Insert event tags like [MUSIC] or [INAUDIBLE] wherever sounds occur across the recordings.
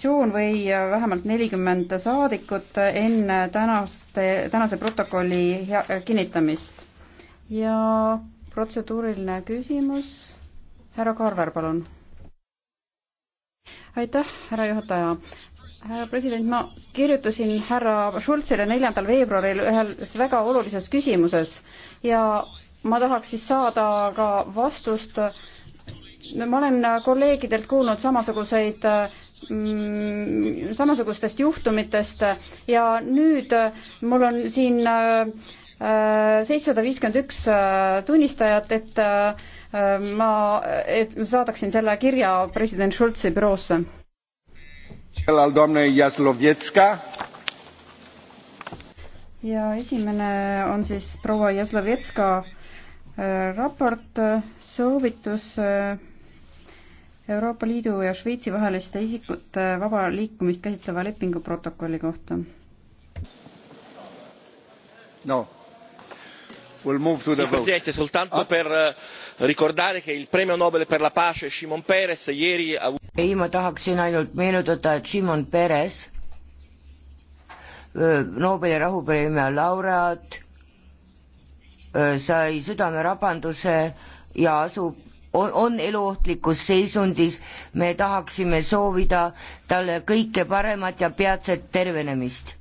fraktsioon või äh, vähemalt nelikümmend saadikut enne tänaste, tänase protokolli kinnitamist. ja protseduuriline küsimus, härra Karver, palun. aitäh, härra juhataja härra president, ma kirjutasin härra Schulzile neljandal veebruaril ühes väga olulises küsimuses ja ma tahaks siis saada ka vastust. ma olen kolleegidelt kuulnud samasuguseid äh, Mm, samasugustest juhtumitest ja nüüd äh, mul on siin äh, äh, seitsesada viiskümmend üks tunnistajat, et ma, et ma saadaksin selle kirja president Schulzi büroosse. ja esimene on siis proua Jaslovetska raport, soovitus Euroopa Liidu ja Šveitsi vaheliste isikute vaba liikumist käsitleva lepingu protokolli kohta. no signor presidente soltanto per eh, ricordare che il premio nobel per la pace shimon peres ieri ha. ei ma tahaksin ainult meenutada et shimon peres eh, nobeli rahupreemia laureaat eh, sai südamerabanduse ja asub on, on eluohtlikus seisundis, me tahaksime soovida talle kõike paremat ja peatset tervenemist.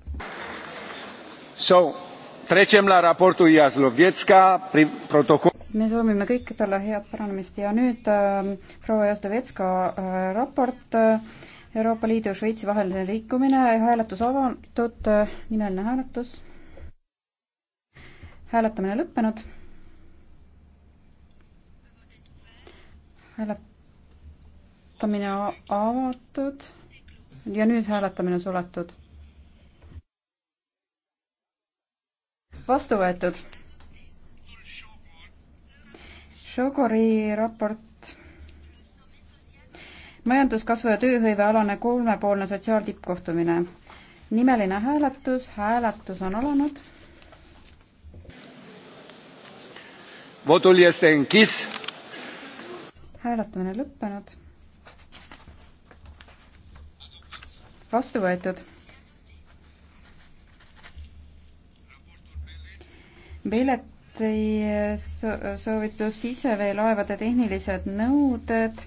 me soovime kõik talle head paranemist ja nüüd äh, proua Jaslovetska äh, raport äh, Euroopa Liidu ja Šveitsi vaheline liikumine, hääletus avatud äh,, nimeline hääletus. hääletamine lõppenud hääletamine avatud ja nüüd hääletamine suletud. vastu võetud. Šogori raport. majanduskasvu ja tööhõive alane kolmepoolne sotsiaaltippkohtumine. nimeline hääletus, hääletus on alanud. Votul este închis hääletamine lõppenud. vastu võetud. Beleti soovitus siseveelaevade tehnilised nõuded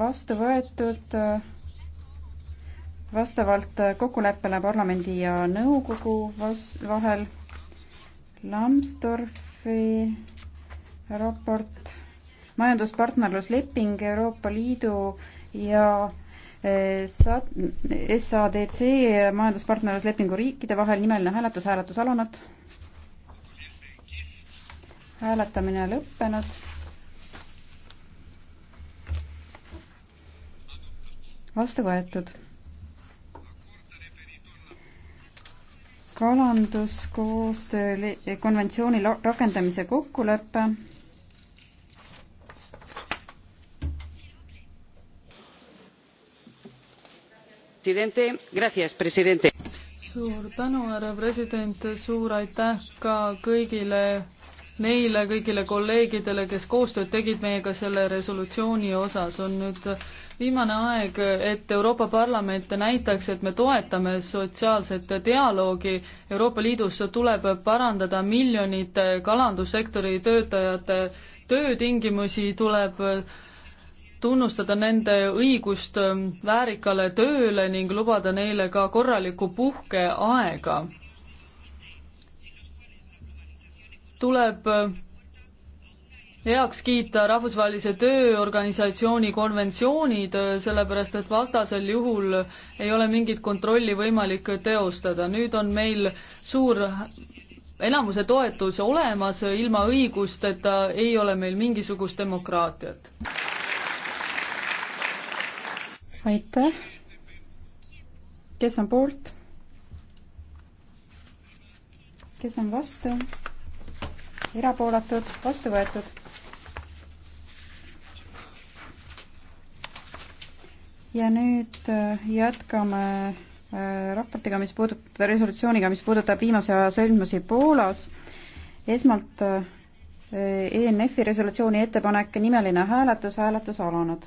vastu võetud vastavalt kokkuleppele parlamendi ja nõukogu vahel Lambsdorfi raport, majanduspartnerlusleping Euroopa Liidu ja eh, SADC majanduspartnerluslepingu riikide vahel nimeline hääletus, hääletus alanud. hääletamine lõppenud. vastu võetud kalanduskoostöö konventsiooni rakendamise kokkulepe. suur tänu, härra president, suur aitäh ka kõigile neile kõigile kolleegidele, kes koostööd tegid meiega selle resolutsiooni osas, on nüüd viimane aeg, et Euroopa Parlament näitaks, et me toetame sotsiaalset dialoogi. Euroopa Liidus tuleb parandada miljonite kalandussektori töötajate töötingimusi, tuleb tunnustada nende õigust väärikale tööle ning lubada neile ka korralikku puhkeaega tuleb äh, heaks kiita Rahvusvahelise Tööorganisatsiooni konventsioonid, äh, sellepärast et vastasel juhul ei ole mingit kontrolli võimalik teostada. nüüd on meil suur enamuse toetus olemas, ilma õigusteta ei ole meil mingisugust demokraatiat. aitäh. kes on poolt? kes on vastu? erapooletud, vastu võetud. ja nüüd äh, jätkame äh, raportiga, mis puudutab, resolutsiooniga, mis puudutab viimase aja sündmusi Poolas. esmalt äh, ENF-i resolutsiooni ettepanek, nimeline hääletus, hääletus alanud.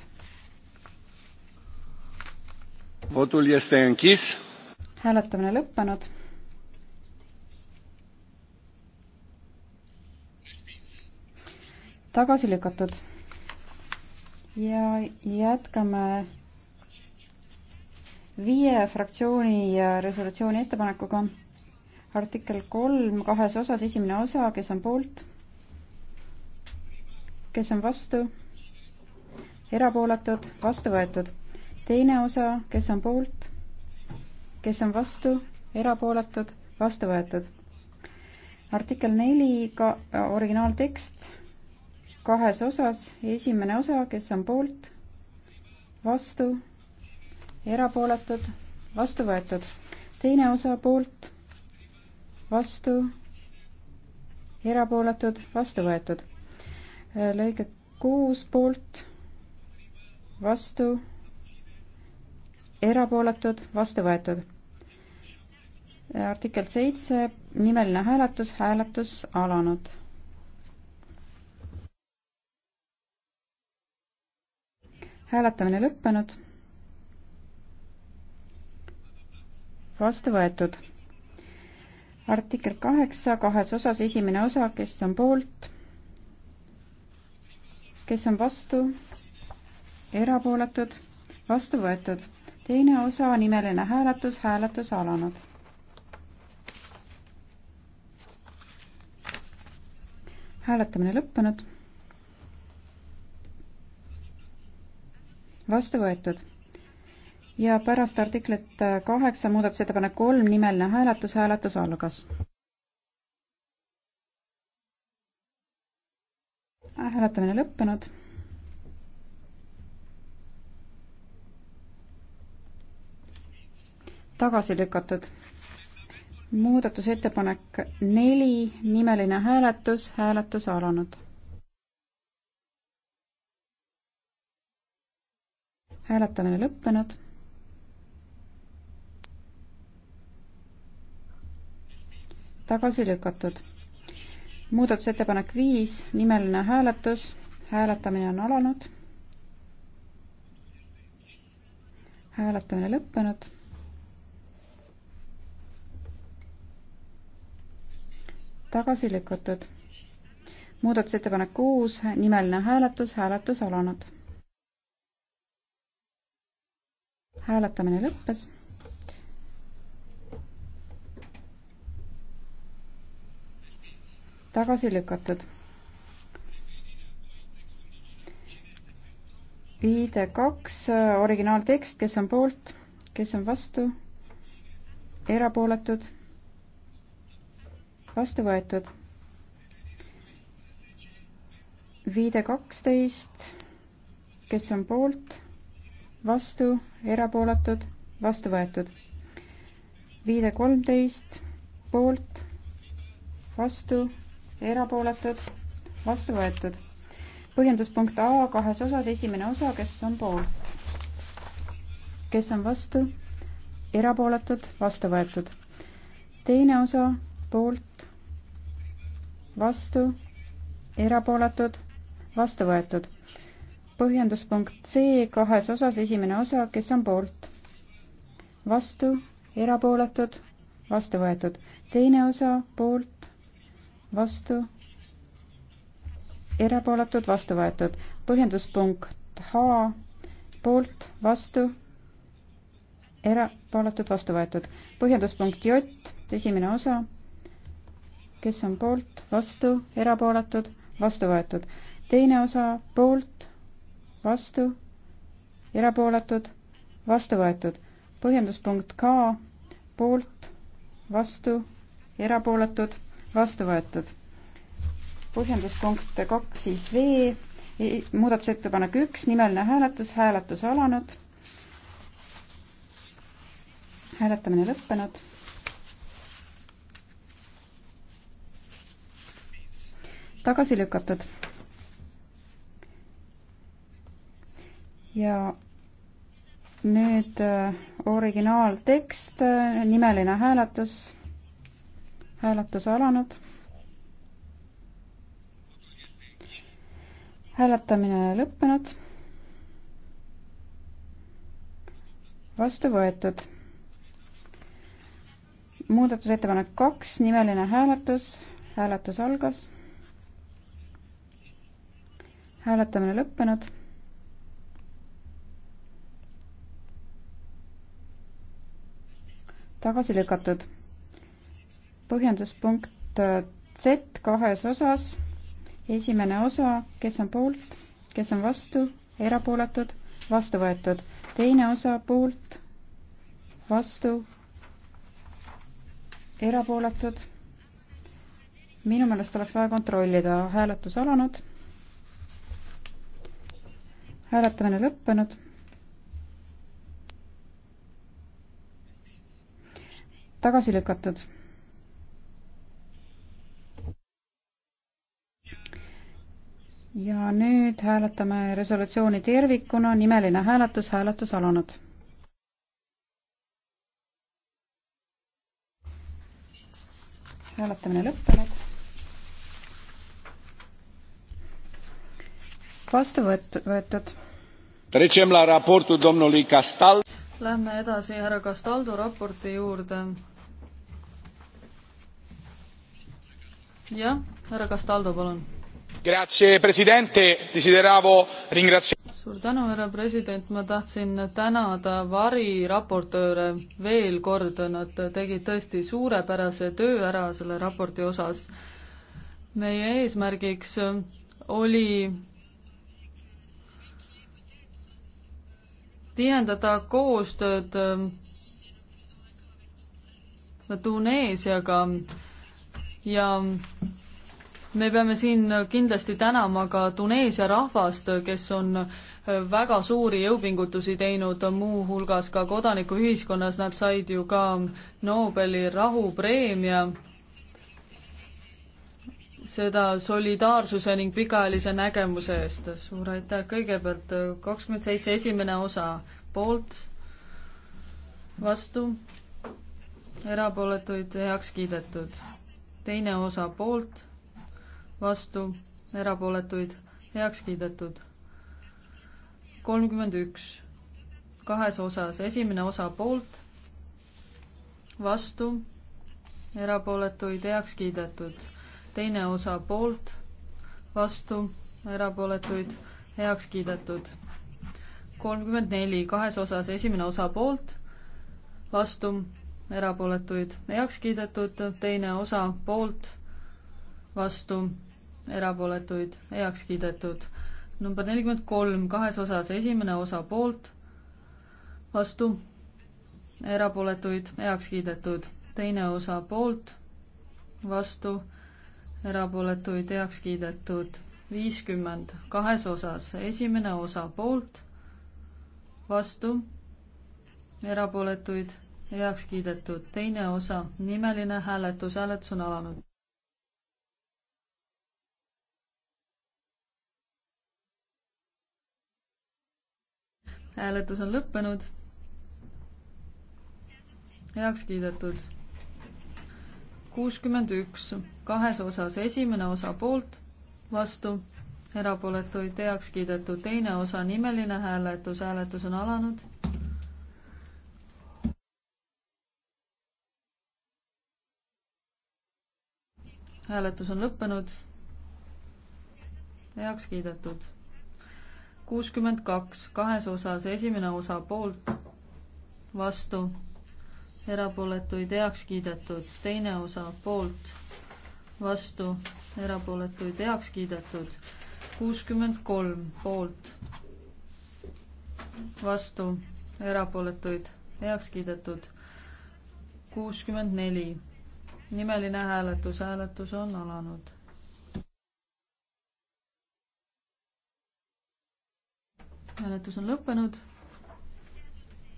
hääletamine lõppenud tagasi lükatud. ja jätkame viie fraktsiooni resolutsiooni ettepanekuga. artikkel kolm kahes osas, esimene osa, kes on poolt, kes on vastu, erapooletud, vastu võetud. teine osa, kes on poolt, kes on vastu, erapooletud, vastu võetud. artikkel neli ka äh, originaaltekst kahes osas, esimene osa, kes on poolt, vastu, erapooletud, vastu võetud. teine osa poolt, vastu, erapooletud, vastu võetud. lõige kuus poolt, vastu, erapooletud, vastu võetud. artikkel seitse, nimeline hääletus, hääletus alanud hääletamine lõppenud. vastu võetud. artikkel kaheksa kahes osas, esimene osa, kes on poolt, kes on vastu, erapooletud, vastu võetud. teine osa, nimeline hääletus, hääletus alanud hääletamine lõppenud vastu võetud. ja pärast artiklit kaheksa muudatusettepanek kolm nimeline hääletus, hääletus algas. hääletamine lõppenud. tagasi lükatud. muudatusettepanek neli, nimeline hääletus, hääletus alanud hääletamine lõppenud. tagasi lükatud. muudatusettepanek viis, nimeline hääletus, hääletamine on alanud. hääletamine lõppenud. tagasi lükatud. muudatusettepanek kuus, nimeline hääletus, hääletus alanud hääletamine lõppes. tagasi lükatud. viide kaks, originaaltekst, kes on poolt, kes on vastu, erapooletud, vastu võetud viide kaksteist, kes on poolt, vastu, erapooletud, vastu võetud. viide kolmteist, poolt, vastu, erapooletud, vastu võetud. põhjenduspunkt A kahes osas, esimene osa, kes on poolt, kes on vastu, erapooletud, vastu võetud. teine osa, poolt, vastu, erapooletud, vastu võetud põhjenduspunkt C kahes osas, esimene osa, kes on poolt? vastu, erapooletud, vastu võetud. teine osa, poolt, vastu, erapooletud, vastu võetud. põhjenduspunkt H, poolt, vastu, erapooletud, vastu võetud. põhjenduspunkt J, esimene osa, kes on poolt, vastu, erapooletud, vastu võetud. teine osa, poolt, vastu, erapooletud, vastu võetud. põhjenduspunkt K, poolt, vastu, erapooletud, vastu võetud. põhjenduspunkt kaks siis V, e, muudatusettepanek üks, nimeline hääletus, hääletus alanud. hääletamine lõppenud tagasi lükatud ja nüüd äh, originaaltekst, äh, nimeline hääletus, hääletus alanud. hääletamine lõppenud. vastu võetud. muudatusettepanek kaks, nimeline hääletus, hääletus algas. hääletamine lõppenud tagasi lükatud. põhjenduspunkt äh, Z kahes osas. esimene osa, kes on poolt, kes on vastu, erapooletud, vastu võetud. teine osa poolt, vastu, erapooletud. minu meelest oleks vaja kontrollida, hääletus alanud. hääletamine lõppenud tagasi lükatud. ja nüüd hääletame resolutsiooni tervikuna, nimeline hääletus, hääletus alanud. hääletamine lõppenud vastu võetud. Lähme edasi härra Castaldo raporti juurde. jah, härra Castaldo, palun. suur tänu, härra president, ma tahtsin tänada variraportööre veel kord, nad tegid tõesti suurepärase töö ära selle raporti osas. meie eesmärgiks oli tihendada koostööd Tuneesiaga ja me peame siin kindlasti tänama ka Tuneesia rahvast, kes on väga suuri jõupingutusi teinud, muuhulgas ka kodanikuühiskonnas, nad said ju ka Nobeli rahupreemia. seda solidaarsuse ning pikaajalise nägemuse eest. suur aitäh, kõigepealt kakskümmend seitse esimene osa poolt, vastu, erapooletuid heaks kiidetud teine osa poolt, vastu, erapooletuid, heaks kiidetud. kolmkümmend üks, kahes osas, esimene osa poolt, vastu, erapooletuid, heaks kiidetud. teine osa poolt, vastu, erapooletuid, heaks kiidetud. kolmkümmend neli, kahes osas, esimene osa poolt, vastu, erapooletuid heaks kiidetud, teine osa poolt, vastu, erapooletuid heaks kiidetud. number nelikümmend kolm kahes osas, esimene osa poolt, vastu, erapooletuid heaks kiidetud, teine osa poolt, vastu, erapooletuid heaks kiidetud viiskümmend kahes osas, esimene osa poolt, vastu, erapooletuid heaks kiidetud. teine osa, nimeline hääletus, hääletus on alanud. hääletus on lõppenud. heaks kiidetud. kuuskümmend üks, kahes osas, esimene osa poolt, vastu, erapooletuid heaks kiidetud, teine osa, nimeline hääletus, hääletus on alanud hääletus on lõppenud. heaks kiidetud. kuuskümmend kaks, kahes osas, esimene osa poolt, vastu, erapooletuid heaks kiidetud, teine osa poolt, vastu, erapooletuid heaks kiidetud, kuuskümmend kolm poolt, vastu, erapooletuid heaks kiidetud, kuuskümmend neli nimeline hääletus, hääletus on alanud. hääletus on lõppenud.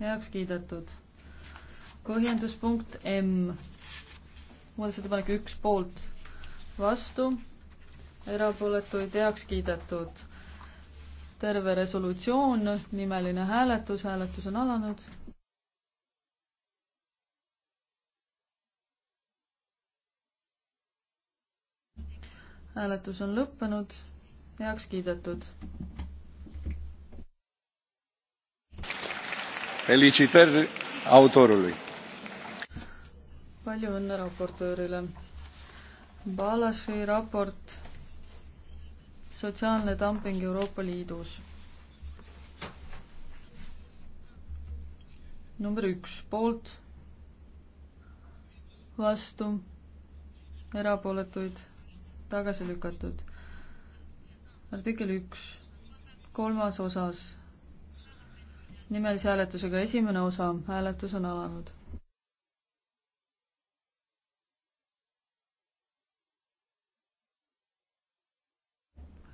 heaks kiidetud. põhjenduspunkt M. muudatusettepanek üks poolt, vastu, erapooletuid heaks kiidetud. terve resolutsioon, nimeline hääletus, hääletus on alanud hääletus on lõppenud, heaks kiidetud. Felicitări autorului. palju õnne raportöörile. Balaši raport Sotsiaalne dumping Euroopa Liidus. number üks poolt, vastu, erapooletuid tagasi lükatud. artikkel üks, kolmas osas, nimelise hääletusega esimene osa, hääletus on alanud.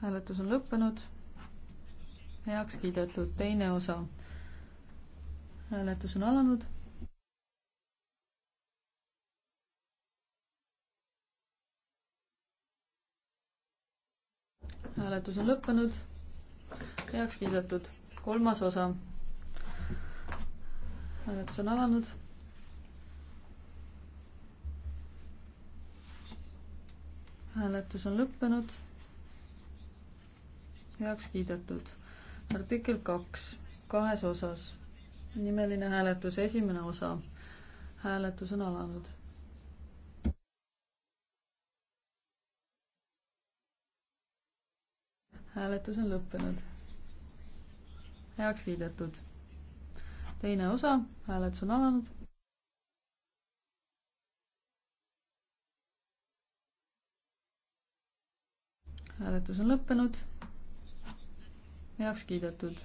hääletus on lõppenud, heaks kiidetud teine osa. hääletus on alanud hääletus on lõppenud. heaks kiidetud. kolmas osa. hääletus on alanud. hääletus on lõppenud. heaks kiidetud. artikkel kaks, kahes osas. nimeline hääletus, esimene osa. hääletus on alanud hääletus on lõppenud. heaks kiidetud. teine osa, hääletus on alanud. hääletus on lõppenud. heaks kiidetud.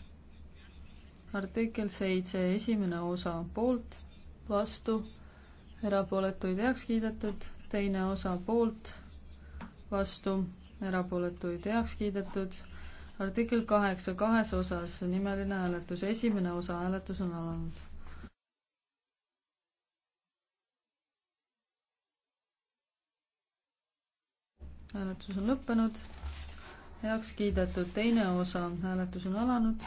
artikkel seitse, esimene osa poolt, vastu, erapooletuid heaks kiidetud, teine osa poolt, vastu, erapooletuid heaks kiidetud artikkel kaheksa kahes osas, nimeline hääletus, esimene osa hääletus on alanud. hääletus on lõppenud, heaks kiidetud, teine osa hääletus on alanud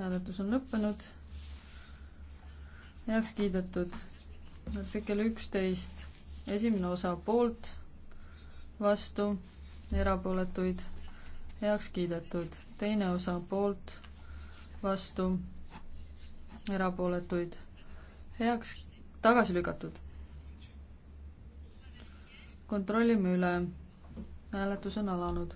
hääletus on lõppenud. heaks kiidetud artikkel üksteist, esimene osa poolt, vastu, erapooletuid, heaks kiidetud. teine osa poolt, vastu, erapooletuid, heaks, tagasi lükatud. kontrollime üle, hääletus on alanud.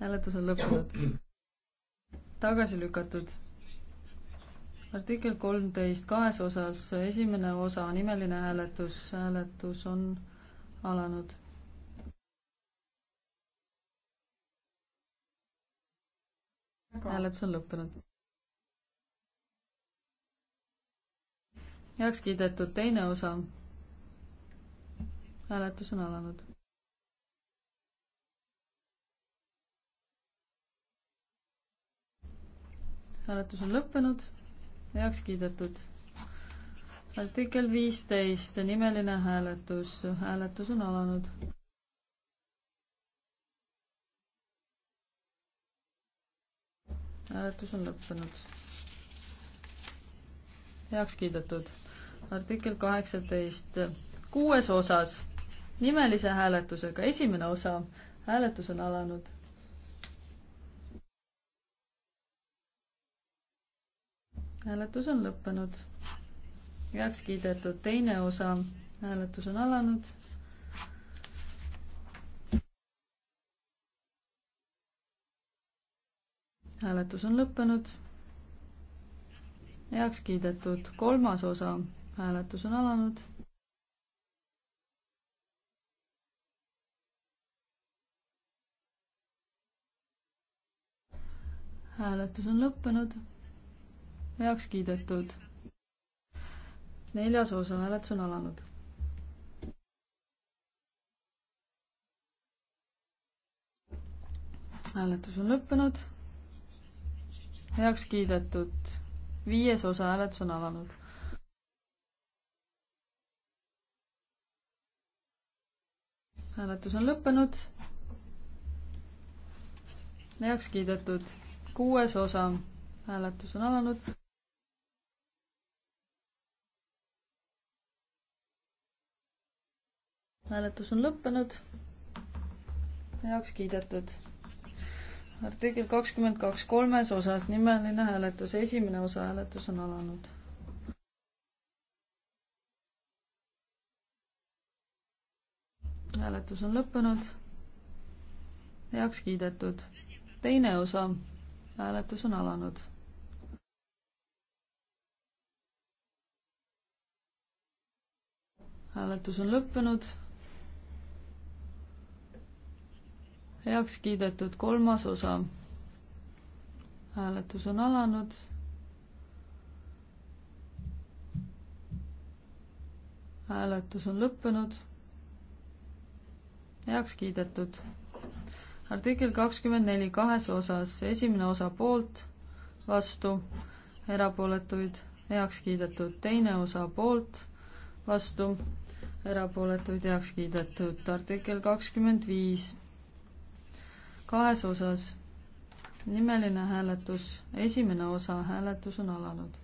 hääletus on lõppenud tagasi lükatud. artikkel kolmteist kahes osas, esimene osa, nimeline hääletus, hääletus on alanud. hääletus on lõppenud. heaks kiidetud teine osa. hääletus on alanud. hääletus on lõppenud, heaks kiidetud. artikkel viisteist, nimeline hääletus, hääletus on alanud. hääletus on lõppenud. heaks kiidetud. artikkel kaheksateist, kuues osas, nimelise hääletusega, esimene osa, hääletus on alanud hääletus on lõppenud. heaks kiidetud teine osa, hääletus on alanud. hääletus on lõppenud. heaks kiidetud kolmas osa, hääletus on alanud. hääletus on lõppenud heaks kiidetud. neljas osa hääletus on alanud. hääletus on lõppenud. heaks kiidetud. viies osa hääletus on alanud. hääletus on lõppenud. heaks kiidetud. kuues osa hääletus on alanud. hääletus on lõppenud. heaks kiidetud. artikkel kakskümmend kaks kolmes osas nimeline hääletus, esimene osa hääletus on alanud. hääletus on lõppenud. heaks kiidetud. teine osa hääletus on alanud hääletus on lõppenud heaks kiidetud kolmas osa. hääletus on alanud. hääletus on lõppenud. heaks kiidetud. artikkel kakskümmend neli kahes osas, esimene osa poolt, vastu, erapooletuid, heaks kiidetud, teine osa poolt, vastu, erapooletuid heaks kiidetud. artikkel kakskümmend viis kahes osas. nimeline hääletus, esimene osa, hääletus on alanud.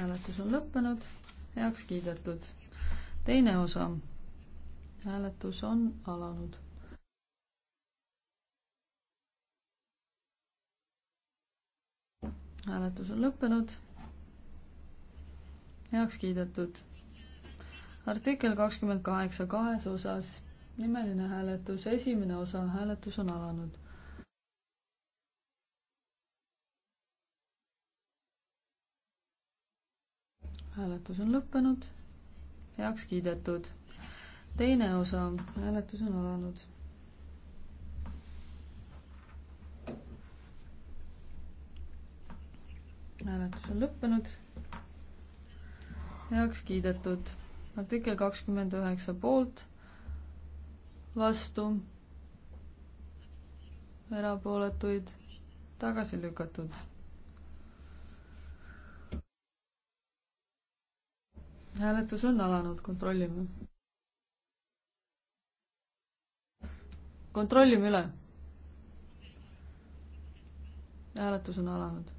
hääletus on lõppenud, heaks kiidetud. teine osa, hääletus on alanud. hääletus on lõppenud, heaks kiidetud artikkel kakskümmend kaheksa kahes osas, nimeline hääletus, esimene osa, hääletus on alanud. hääletus on lõppenud, heaks kiidetud. teine osa, hääletus on alanud hääletus on lõppenud. heaks kiidetud artikkel kakskümmend üheksa poolt, vastu, erapooletuid, tagasi lükatud. hääletus on alanud, kontrollime. kontrollime üle. hääletus on alanud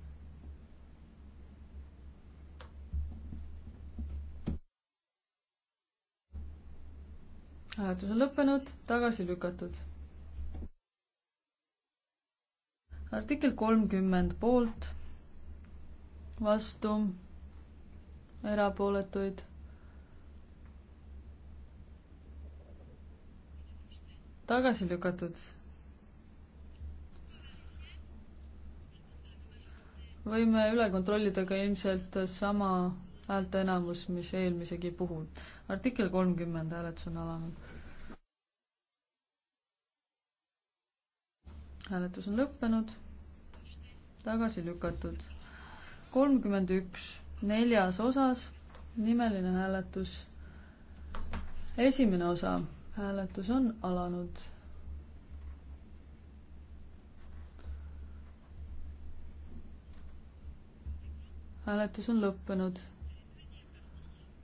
hääletus on lõppenud, tagasi lükatud. artikkel kolmkümmend poolt, vastu, erapooletuid. tagasi lükatud võime üle kontrollida ka ilmselt sama häälteenamus, mis eelmisegi puhul. artikkel kolmkümmend hääletus on alanud. hääletus on lõppenud, tagasi lükatud. kolmkümmend üks, neljas osas, nimeline hääletus. esimene osa, hääletus on alanud hääletus on lõppenud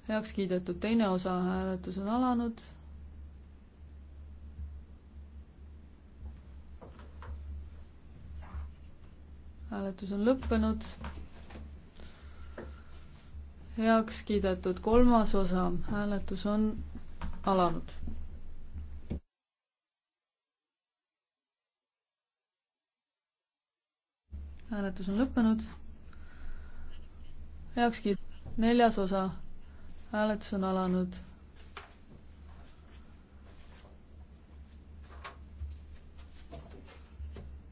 heaks kiidetud, teine osa hääletus on alanud. hääletus on lõppenud. heaks kiidetud kolmas osa, hääletus on alanud. hääletus on lõppenud. heaks kiidetud neljas osa hääletus on alanud.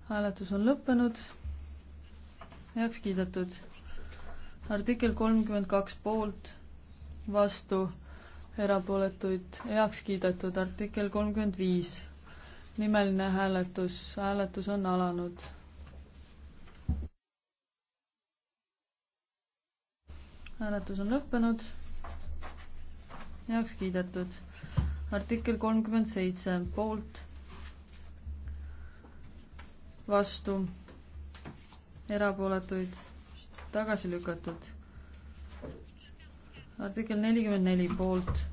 hääletus on lõppenud. heaks kiidetud. artikkel kolmkümmend kaks poolt, vastu, erapooletuid heaks kiidetud. artikkel kolmkümmend viis. nimeline hääletus, hääletus on alanud. hääletus on lõppenud heaks kiidetud. artikkel kolmkümmend seitse poolt, vastu, erapooletuid, tagasi lükatud. artikkel nelikümmend neli poolt,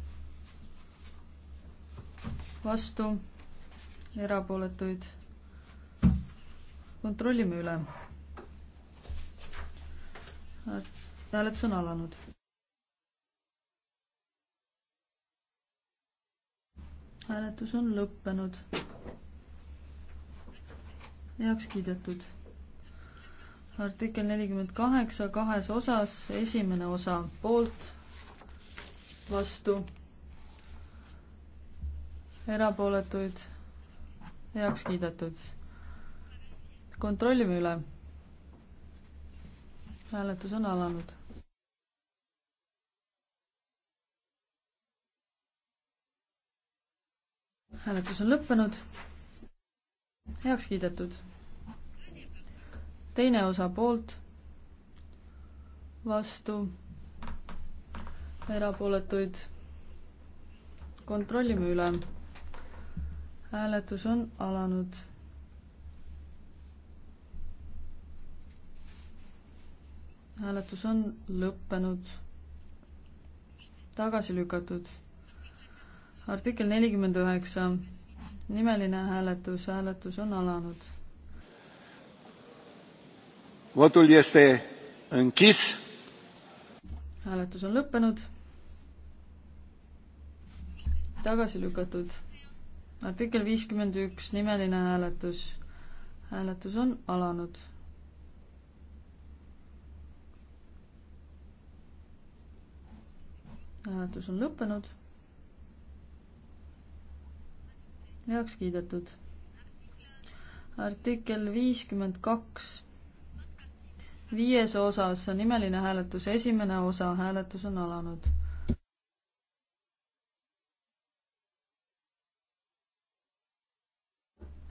vastu, erapooletuid. kontrollime üle. hääletus on alanud hääletus on lõppenud. heaks kiidetud. artikkel nelikümmend kaheksa kahes osas, esimene osa poolt, vastu, erapooletuid, heaks kiidetud. kontrollime üle. hääletus on alanud hääletus on lõppenud. heaks kiidetud. teine osa poolt, vastu, erapooletuid. kontrollime üle. hääletus on alanud hääletus on lõppenud, tagasi lükatud artikkel nelikümmend üheksa, nimeline hääletus, hääletus on alanud. Votul este închis. hääletus on lõppenud. tagasi lükatud. artikkel viiskümmend üks, nimeline hääletus. hääletus on alanud hääletus on lõppenud heaks kiidetud. artikkel viiskümmend kaks, viies osas on nimeline hääletus, esimene osa, hääletus on alanud.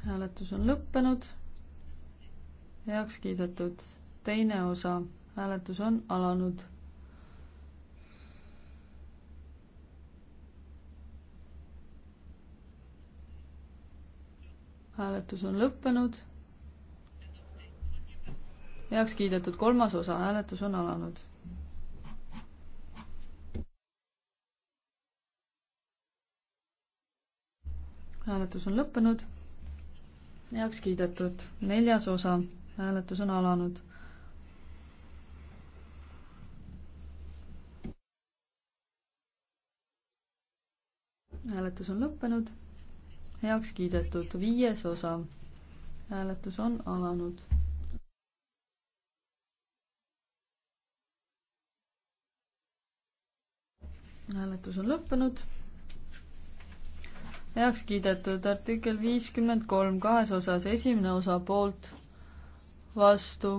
hääletus on lõppenud, heaks kiidetud, teine osa, hääletus on alanud hääletus on lõppenud. heaks kiidetud kolmas osa, hääletus on alanud. hääletus on lõppenud. heaks kiidetud neljas osa, hääletus on alanud. hääletus on lõppenud heaks kiidetud. viies osa. hääletus on alanud. hääletus on lõppenud. heaks kiidetud artikkel viiskümmend kolm kahes osas, esimene osa poolt, vastu,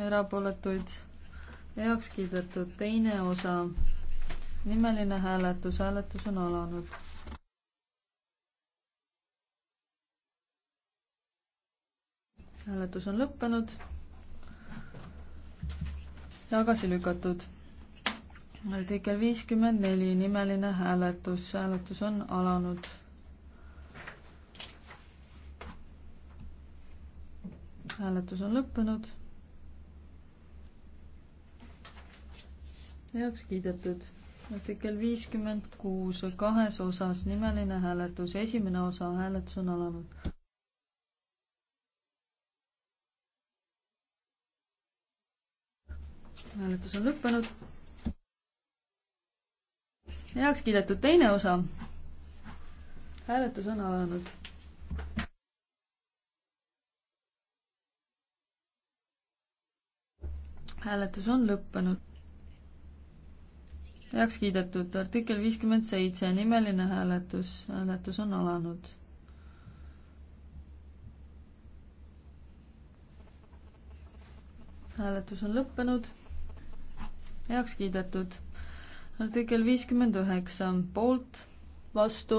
erapooletuid, heaks kiidetud teine osa, nimeline hääletus, hääletus on alanud hääletus on lõppenud. tagasi lükatud. artikkel viiskümmend neli, nimeline hääletus, hääletus on alanud. hääletus on lõppenud. heaks kiidetud. artikkel viiskümmend kuus, kahes osas nimeline hääletus, esimene osa, hääletus on alanud hääletus on lõppenud. heaks kiidetud teine osa. hääletus on alanud. hääletus on lõppenud. heaks kiidetud artikkel viiskümmend seitse, nimeline hääletus, hääletus on alanud hääletus on lõppenud heaks kiidetud. artikkel viiskümmend üheksa, poolt, vastu,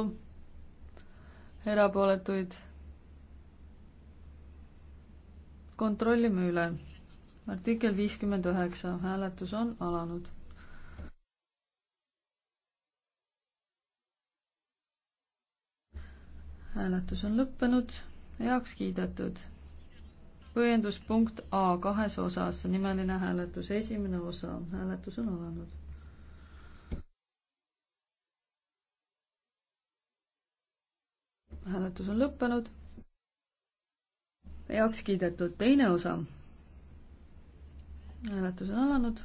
erapooletuid. kontrollime üle. artikkel viiskümmend üheksa, hääletus on alanud hääletus on lõppenud, heaks kiidetud põhjenduspunkt A kahes osas, nimeline hääletus, esimene osa, hääletus on alanud. hääletus on lõppenud. heaks kiidetud teine osa. hääletus on alanud.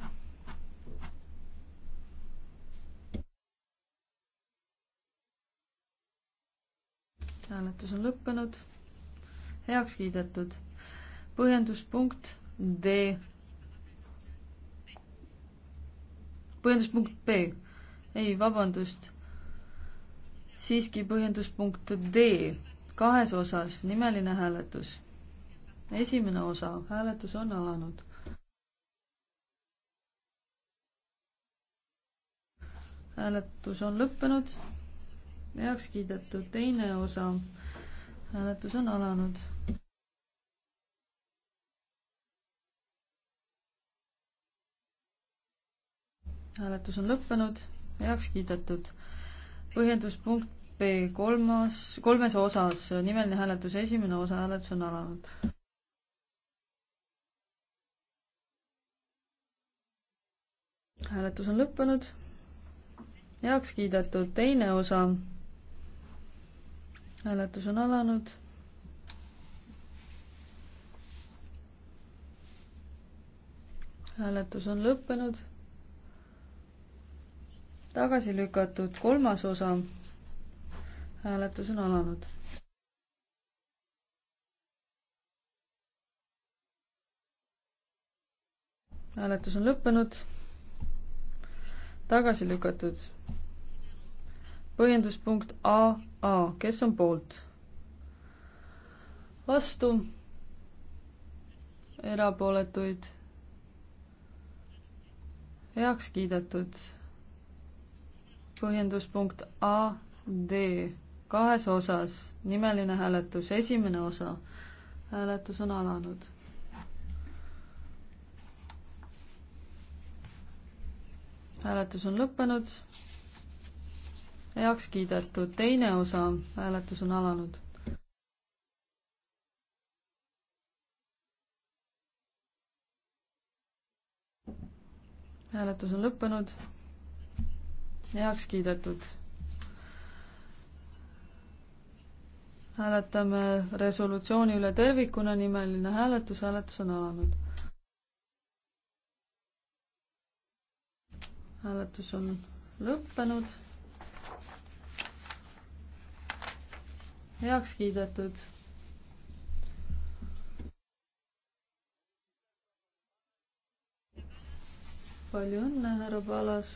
hääletus on lõppenud. heaks kiidetud põhjenduspunkt D. põhjenduspunkt B. ei, vabandust. siiski põhjenduspunkt D kahes osas, nimeline hääletus. esimene osa, hääletus on alanud. hääletus on lõppenud, heaks kiidetud, teine osa, hääletus on alanud. hääletus on lõppenud, heaks kiidetud. põhjenduspunkt B kolmas, kolmes osas, nimeline hääletus, esimene osa hääletus on alanud. hääletus on lõppenud, heaks kiidetud, teine osa, hääletus on alanud hääletus on lõppenud tagasi lükatud, kolmas osa. hääletus on alanud. hääletus on lõppenud. tagasi lükatud. põhjenduspunkt AA, kes on poolt? vastu. erapooletuid heaks kiidetud põhjenduspunkt A, D kahes osas, nimeline hääletus, esimene osa. hääletus on alanud. hääletus on lõppenud. heaks kiidetud, teine osa, hääletus on alanud. hääletus on lõppenud heaks kiidetud. hääletame resolutsiooni üle tervikuna, nimeline hääletus, hääletus on alanud. hääletus on lõppenud. heaks kiidetud palju õnne, härra Palas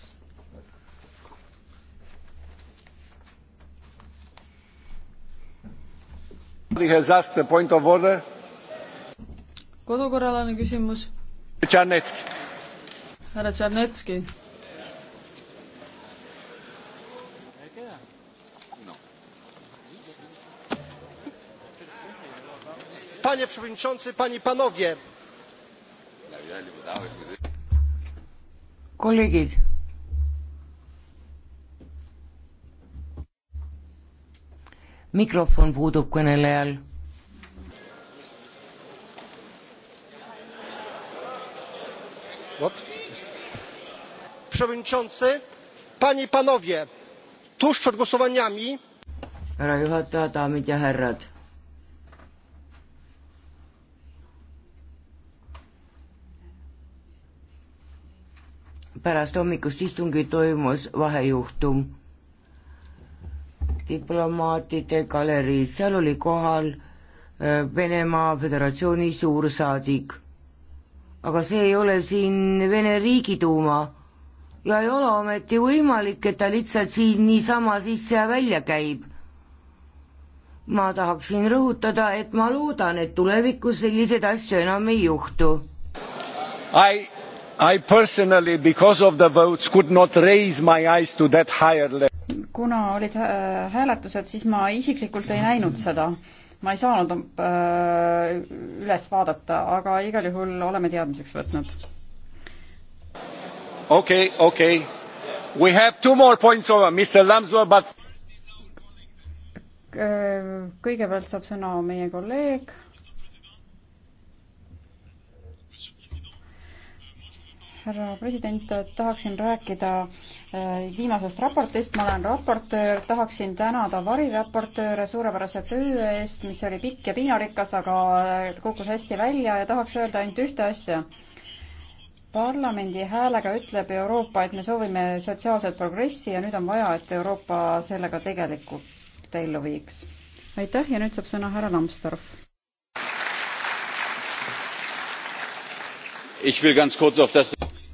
kodukorralane küsimus. härra Tšernetski. panie przewodniczący panie i panowie! kolleegid! mikrofon puudub kõnelejal. härra juhataja, daamid ja härrad pärast hommikust istungit toimus vahejuhtum diplomaatide galeriis, seal oli kohal äh, Venemaa Föderatsiooni suursaadik. aga see ei ole siin Vene Riigiduuma ja ei ole ometi võimalik, et ta lihtsalt siin niisama sisse ja välja käib. ma tahaksin rõhutada, et ma loodan, et tulevikus selliseid asju enam ei juhtu. I, I personally because of the votes could not raise my eyes to that higher level kuna olid äh, hääletused, siis ma isiklikult ei näinud seda. ma ei saanud äh, üles vaadata, aga igal juhul oleme teadmiseks võtnud. okei okay,, okei okay.. We have two more points over Mr Lamsoo but kõigepealt saab sõna meie kolleeg härra president, tahaksin rääkida äh, viimasest raportist, ma olen raportöör, tahaksin tänada variraportööre suurepärase töö eest, mis oli pikk ja piinarikas, aga äh, kukkus hästi välja ja tahaks öelda ainult ühte asja. parlamendi häälega ütleb Euroopa, et me soovime sotsiaalset progressi ja nüüd on vaja, et Euroopa sellega tegelikult ellu viiks. aitäh ja nüüd saab sõna härra Lambsdorff. ich will ganz kurz auf das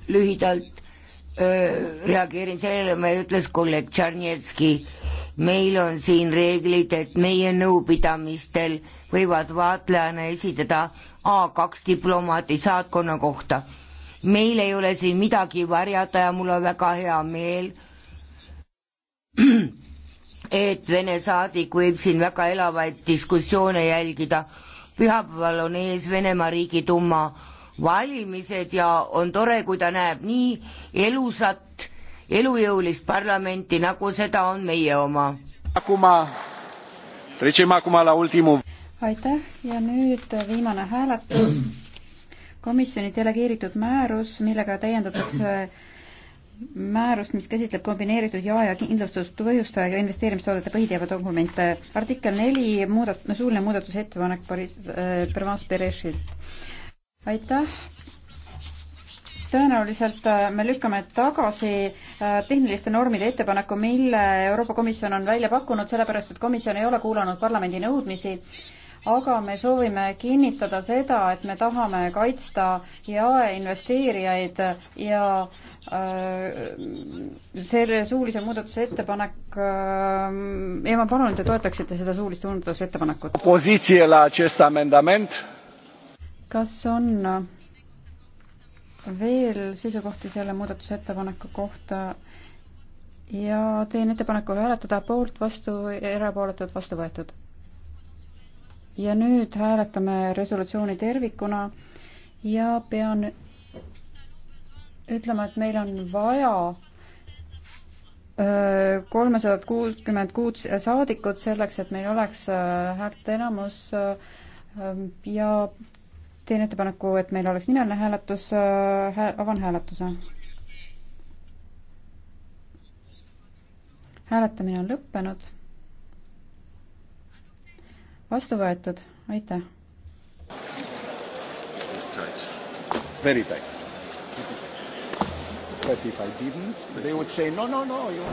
lühidalt öö, reageerin sellele, mida ütles kolleeg Tšarnetski. meil on siin reeglid, et meie nõupidamistel võivad vaatlejana esitada A2 diplomaadi saatkonna kohta. meil ei ole siin midagi varjata ja mul on väga hea meel, [CLEARS THROAT] et Vene saadik võib siin väga elavaid diskussioone jälgida. pühapäeval on ees Venemaa Riigiduma valimised ja on tore, kui ta näeb nii elusat, elujõulist parlamenti, nagu seda on meie oma. aitäh ja nüüd viimane hääletus. komisjoni delegeeritud määrus, millega täiendatakse määrust, mis käsitleb kombineeritud jae- ja kindlustust põhjustaja ja investeerimistoodete põhiteabedokumente. artikkel neli muudat-, suuline muudatusettepanek Paris äh,, Permas Perešilt aitäh tõenäoliselt äh, me lükkame tagasi äh, tehniliste normide ettepaneku, mille Euroopa Komisjon on välja pakkunud, sellepärast et komisjon ei ole kuulanud parlamendi nõudmisi, aga me soovime kinnitada seda, et me tahame kaitsta jaeinvesteerijaid ja äh, selle suulise muudatuse ettepanek ja ma palun, te toetaksite seda suulist muudatusettepanekut. positsioon la acest amendament kas on äh, veel seisukohti selle muudatusettepaneku kohta ja teen ettepaneku hääletada poolt, vastu, erapooletud, vastu võetud. ja nüüd hääletame resolutsiooni tervikuna ja pean ütlema, et meil on vaja äh, kolmesadat kuuskümmend kuut saadikut selleks, et meil oleks äh, häälte enamus ja teen ettepaneku, et meil oleks nimeline hääletus äh, hää,, avan hääletuse. hääletamine on lõppenud. vastu võetud, aitäh. Very tight. But if I didn't, they would say no, no, no. You...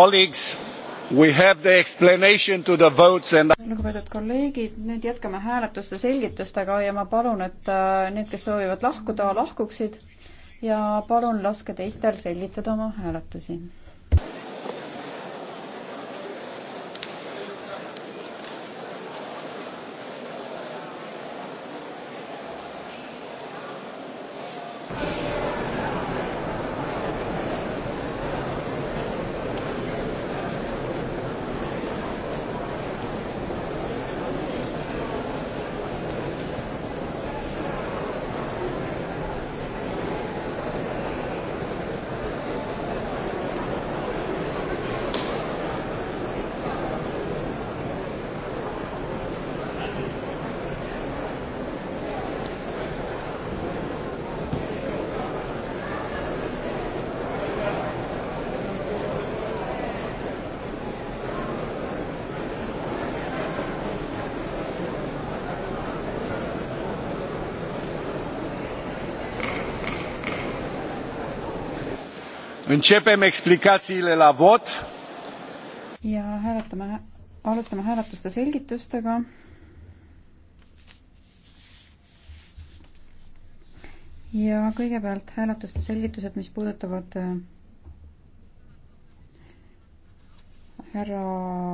colleagues, we have the explanation to the votes and lugupeetud kolleegid, nüüd jätkame hääletuste selgitustega ja ma palun, et äh, need, kes soovivad lahkuda, lahkuksid ja palun laske teistel selgitada oma hääletusi Începem explicațiile la vot. Ja hääletame, alustame hääletuste selgitustega. ja kõigepealt hääletuste selgitused, mis puudutavad äh, härra